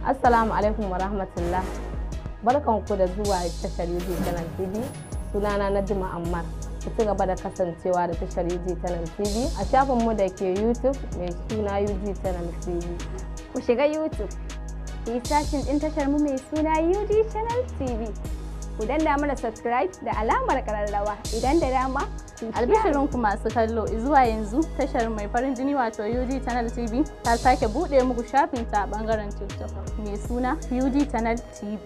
Assalamu alaikum wa rahmatullah. ku da zuwa tashar Yuji Channel TV. Sunana Najma Ammar. Ku ci gaba da kasancewa da tashar Yuji Channel TV a shafinmu da ke YouTube mai suna Yuji Channel TV. Ku shiga YouTube. Ku yi sashin ɗin tashar mu mai suna Yuji Channel TV. ku danna mana subscribe da alamar kararrawa idan da dama albishirinku masu kallo zuwa yanzu tashar mai farin jini wato UG Channel TV ta sake buɗe muku shafin a bangaren TikTok mai suna UG Channel TV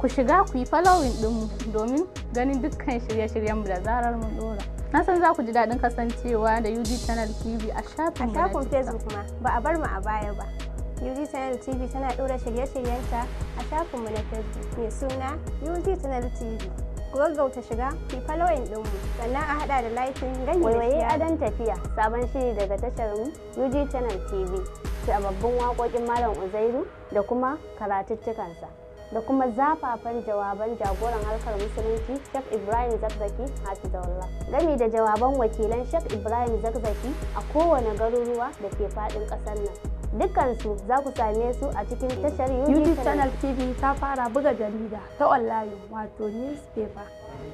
ku shiga ku yi following ɗinmu domin ganin dukkan shirye-shiryenmu da zarar mun ɗora. na san za ku ji daɗin kasancewa da UG Channel TV a A shafin Facebook ma ba a bar mu a baya ba. UG Channel TV tana ɗora shirye-shiryenta a shafinmu na Facebook mai suna UG Channel TV. Ku ta shiga, ki following ɗinmu, sannan a haɗa da laifin gani da adon tafiya, sabon shiri daga tashar mu Channel TV, sababbin waƙoƙin Malam Uzairu da kuma karatuttukansa. da kuma zafafan jawaban jagoran harkar musulunci Sheikh Ibrahim Zakzaki Hafizullah. Gami da jawaban wakilan Sheikh Ibrahim Zakzaki a kowane garuruwa da ke faɗin ƙasar nan. dukansu za ku same su a cikin tashar YouTube channel TV ta fara buga jarida ta online wato newspaper.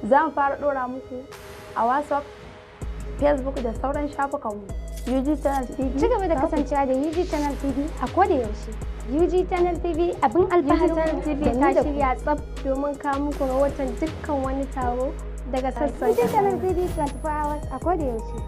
Za mu fara ɗora muku a WhatsApp, Facebook da sauran shafukanmu. UG Channel TV. Ci gaba da kasancewa da UG Channel TV a koda yaushe. UG Channel TV abin alfahari. UG Channel TV ta shirya tsaf domin kawo muku rahoton dukkan wani taro daga sassan. UG Channel TV 24 hours a koda